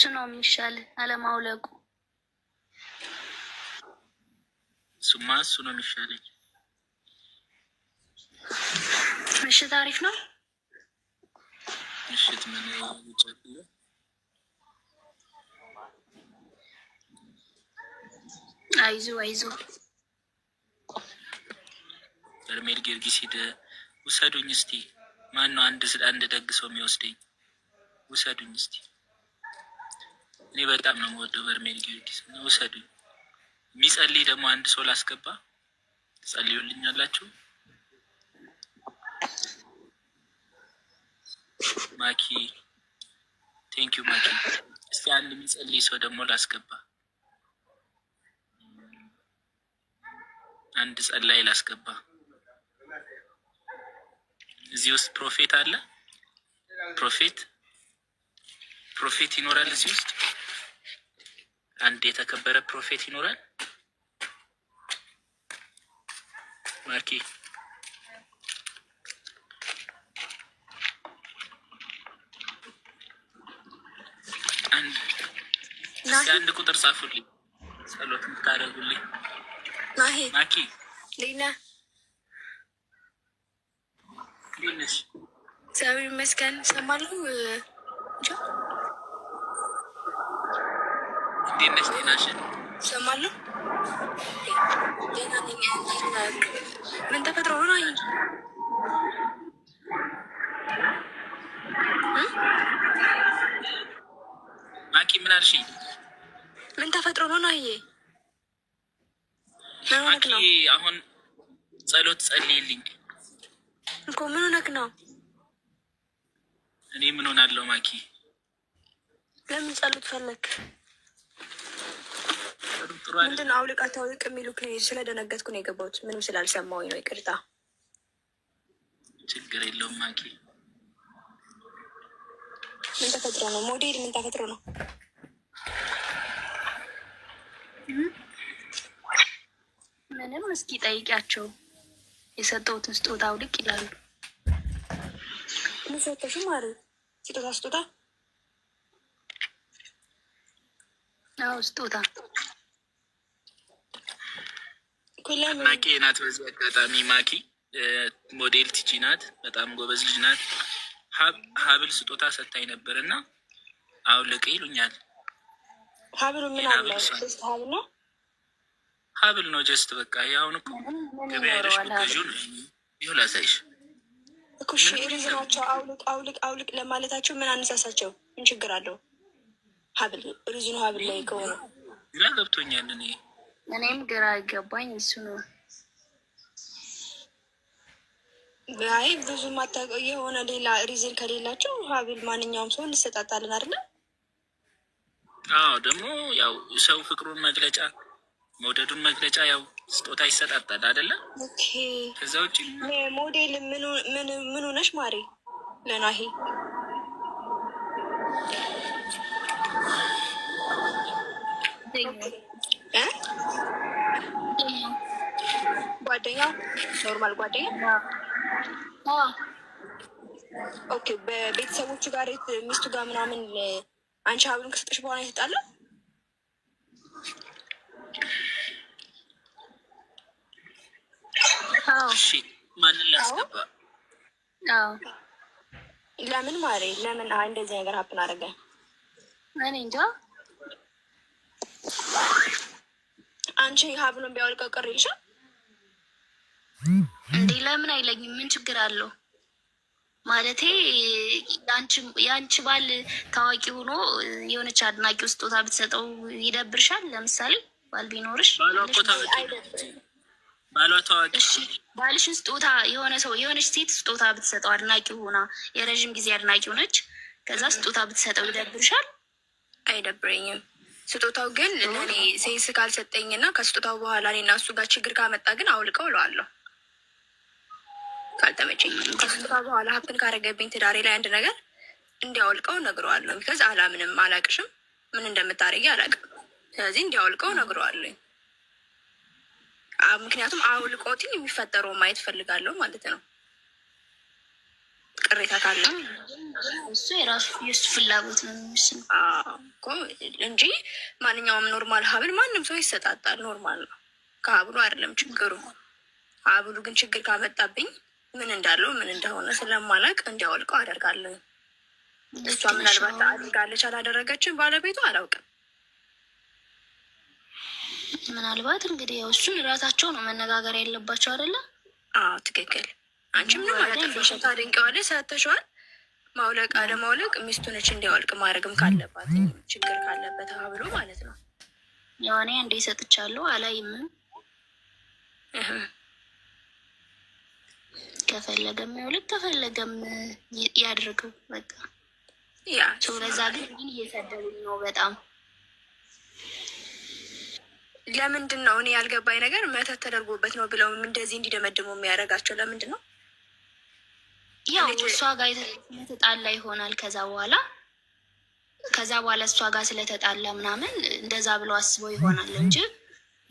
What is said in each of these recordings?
እሱ ነው የሚሻል፣ አለማውለቁ። እሱማ እሱ ነው የሚሻለኝ። ምሽት አሪፍ ነው። ምሽት ምን ይጫለ አይዞ አይዞ በርሜል ጊዮርጊስ ሂድ ውሰዱኝ እስቲ። ማን ነው አንድ አንድ ደግ ሰው የሚወስደኝ? ውሰዱኝ እስቲ እኔ በጣም ነው የምወደው በርሜል ጊዮርጊስ ውሰዱ። የሚጸልይ ደግሞ አንድ ሰው ላስገባ። ጸልዩልኛላችሁ። ማኪ ቴንኪዩ ማኪ። እስቲ አንድ የሚጸልይ ሰው ደግሞ ላስገባ። አንድ ጸላይ ላስገባ። እዚህ ውስጥ ፕሮፌት አለ። ፕሮፌት ፕሮፌት ይኖራል እዚህ ውስጥ and data kabar profit in oral and and the cutter safely so the car will lina lina sorry miss can someone who እንዴት ነሽ? ጤናሽን ሰማለሁ። ምን ተፈጥሮ ሆኖ ማኪ ምን አልሽ? ምን ተፈጥሮ ሆኖ አየ ማኪ አሁን ጸሎት ጸልይልኝ እኮ ምን ሆነክ ነው? እኔ ምን ሆናለሁ ማኪ? ለምን ጸሎት ፈለክ? ምንድን ነው አውልቃት አውልቅ የሚሉክ? ስለደነገጥኩ ነው የገባሁት። ምንም ስላልሰማሁኝ ነው። ይቅርታ። ችግር የለውም። ማኪ ምን ተፈጥሮ ነው? ሞዴል ምን ተፈጥሮ ነው? ምንም እስኪ ጠይቂያቸው። የሰጠሁትን ስጦታ አውልቅ ይላሉ። ምን ሰጠሽ? ማሪ ስጦታ ስጦታ፣ ስጦታ ናቂ ናት። በዚህ አጋጣሚ ማኪ ሞዴል ቲጂ ናት። በጣም ጎበዝ ልጅ ናት። ሀብል ስጦታ ሰታኝ ነበር እና አውልቅ ይሉኛል። ሀብሉ ምን አለ? ሀብል ነው ሀብል ነው። ጀስት በቃ ያሁን እኮ ገበያ ሄደሽ ብትገዢ ነው። ይኸው ላሳይሽ ሪዝ ናቸው። አውልቅ አውልቅ አውልቅ ለማለታቸው ምን አነሳሳቸው? ምን ችግር አለው? ሀብል ሪዝኑ ሀብል ላይ ከሆነ ግራ ገብቶኛል እኔ እኔም ግራ ይገባኝ እሱ ነው። አይ ብዙ ማታቀ የሆነ ሌላ ሪዝን ከሌላቸው ሀብል ማንኛውም ሰው እንሰጣጣለን አይደለ? አዎ ደግሞ ያው ሰው ፍቅሩን መግለጫ መውደዱን መግለጫ ያው ስጦታ ይሰጣጣል አይደለ? ከዛ ውጭ ሞዴል ምን ሆነሽ ማሬ ለናሄ ጓደኛ ኖርማል ጓደኛ ኦኬ። በቤተሰቦቹ ጋር ሚስቱ ጋር ምናምን አንቺ ሀብሉን ከሰጠሽ በኋላ የተጣላ ማንን ላስገባ? ለምን ማሬ፣ ለምን እንደዚህ ነገር ሀብን አደረገ? እኔ እንጃ። አንቺ ሀብሉን ቢያወልቀው ቅር ይልሻል እንዴ ለምን አይለኝም? ምን ችግር አለው? ማለቴ የአንቺ ባል ታዋቂ ሆኖ የሆነች አድናቂ ስጦታ ብትሰጠው ይደብርሻል? ለምሳሌ ባል ቢኖርሽ ባልሽን ስጦታ የሆነ ሰው የሆነች ሴት ስጦታ ብትሰጠው አድናቂ ሆና የረዥም ጊዜ አድናቂ ሆነች፣ ከዛ ስጦታ ብትሰጠው ይደብርሻል? አይደብረኝም። ስጦታው ግን ሴንስ ካልሰጠኝና ከስጦታው በኋላ እኔና እሱ ጋር ችግር ካመጣ ግን አውልቀው እለዋለሁ። ካልተመቸኝም በኋላ ሀብትን ካረገብኝ ትዳሬ ላይ አንድ ነገር እንዲያወልቀው ነግረዋለሁ። ቢካዝ አላምንም፣ አላቅሽም፣ ምን እንደምታደርጊ አላቅም። ስለዚህ እንዲያወልቀው ነግረዋለኝ። ምክንያቱም አውልቆትን የሚፈጠረው ማየት ፈልጋለሁ ማለት ነው። ቅሬታ ካለ እሱ የራሱ የሱ ፍላጎት ነው እንጂ ማንኛውም ኖርማል ሀብል ማንም ሰው ይሰጣጣል። ኖርማል ነው። ከሀብሉ አይደለም ችግሩ። ሀብሉ ግን ችግር ካመጣብኝ ምን እንዳለው ምን እንደሆነ ስለማላቅ እንዲያወልቀው አደርጋለሁ። እሷ ምናልባት አድርጋለች አላደረገችም፣ ባለቤቱ አላውቅም። ምናልባት እንግዲህ እሱን እራሳቸው ነው መነጋገር ያለባቸው አይደለ? አዎ ትክክል። አንቺ ምንም አያጠፋሽም፣ ታደንቂዋለሽ፣ ሰተሸዋል። ማውለቅ አለማውለቅ ሚስቱ እንዲያወልቅ ማድረግም ካለባት ችግር ካለበት ብሎ ማለት ነው። ያው እንዴ ሰጥቻለሁ አላይምም ከፈለገም ይውልቅ ከፈለገም ያድርገው። በቃ ያ በዛ ግን ግን እየሰደቡኝ ነው በጣም ለምንድን ነው እኔ ያልገባኝ ነገር መተት ተደርጎበት ነው ብለው እንደዚህ እንዲደመድሙ የሚያደርጋቸው ለምንድን ነው? ያው እሷ ጋር ስለተጣላ ይሆናል። ከዛ በኋላ ከዛ በኋላ እሷ ጋር ስለተጣላ ምናምን እንደዛ ብለው አስበው ይሆናል እንጂ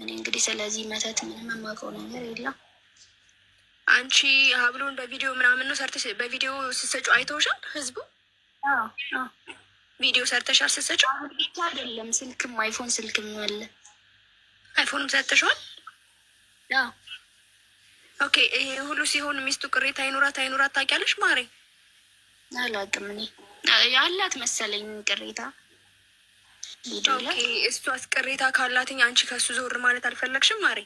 እኔ እንግዲህ ስለዚህ መተት ምንም የማውቀው ነገር የለም። አንቺ ሀብሉን በቪዲዮ ምናምን ነው ሰርተሽ በቪዲዮ ስትሰጪው አይተውሻል ህዝቡ ቪዲዮ ሰርተሻል ስትሰጪው ብቻ አይደለም ስልክም አይፎን ስልክም ያለ አይፎንም ሰርተሽዋል ኦኬ ይሄ ሁሉ ሲሆን ሚስቱ ቅሬታ አይኑራት አይኑራት ታውቂያለሽ ማሬ አላውቅም እኔ ያላት መሰለኝ ቅሬታ እሷስ ቅሬታ ካላትኝ አንቺ ከሱ ዞር ማለት አልፈለግሽም ማሬ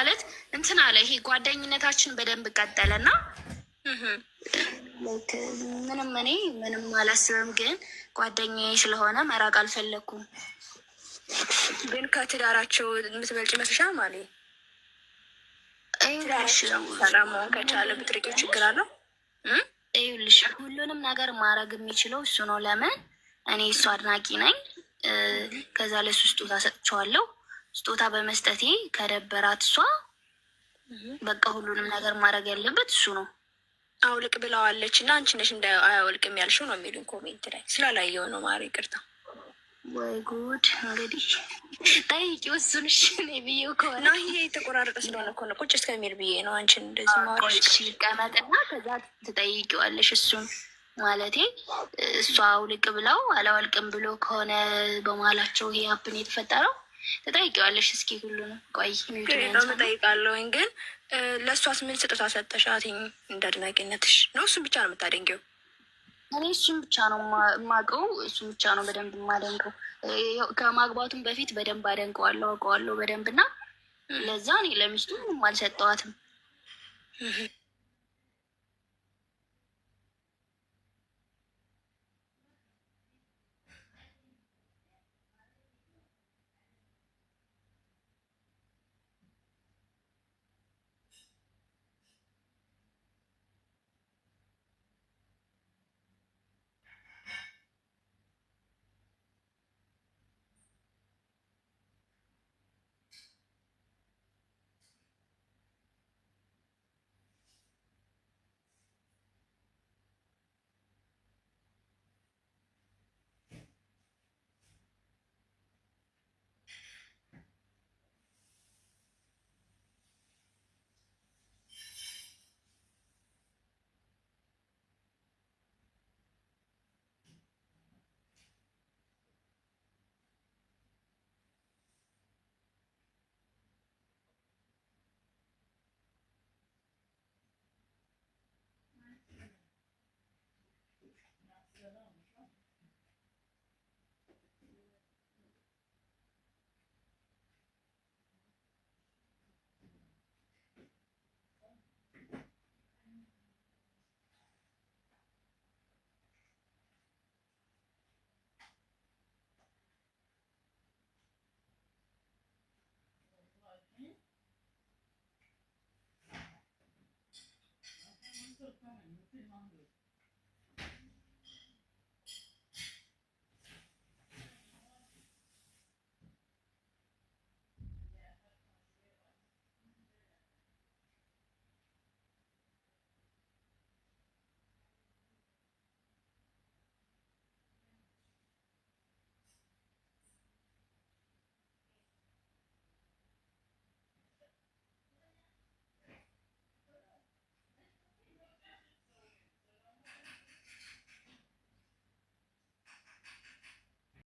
ማለት እንትን አለ። ይሄ ጓደኝነታችን በደንብ ቀጠለ ቀጠለና ምንም እኔ ምንም አላስብም፣ ግን ጓደኛ ስለሆነ መራቅ አልፈለግኩም። ግን ከትዳራቸው የምትበልጭ መስሻ ማለት ሰላም ከቻለ ብትርቂው ችግር አለው? ይኸውልሽ ሁሉንም ነገር ማድረግ የሚችለው እሱ ነው። ለምን እኔ እሱ አድናቂ ነኝ። ከዛ ለሱ ስጦታ ሰጥቼዋለሁ። ስጦታ በመስጠቴ ከደበራት እሷ በቃ ሁሉንም ነገር ማድረግ ያለበት እሱ ነው። አውልቅ ብለዋለች እና አንቺ ነሽ እንደ አያውልቅም ያልሽው ነው የሚሉን ኮሜንት ላይ ስላላየው ነው። ማሪ ይቅርታ። ወይ ጉድ! እንግዲህ ጠይቂ እሱንሽ ብዬው ከሆነ ይሄ የተቆራረጠ ስለሆነ ከሆነ ቁጭ እስከሚል ብዬ ነው አንቺን እንደዚህ ማሽ ቀመጥና ከዛ ትጠይቂዋለሽ እሱን ማለቴ እሷ አውልቅ ብለው አላወልቅም ብሎ ከሆነ በመሀላቸው ይሄ ሀፕን የተፈጠረው ትጠይቂዋለሽ። እስኪ ነው ቆይ ጠይቃለሁኝ። ግን ለእሷስ ምን ስጦታ ሰጠሻትኝ? እንደ አድናቂነትሽ ነው? እሱን ብቻ ነው የምታደንገው እኔ እሱን ብቻ ነው የማውቀው። እሱን ብቻ ነው በደንብ የማደንቀው። ከማግባቱም በፊት በደንብ አደንቀዋለሁ፣ አውቀዋለሁ በደንብ እና ለዛ እኔ ለሚስቱ አልሰጠዋትም።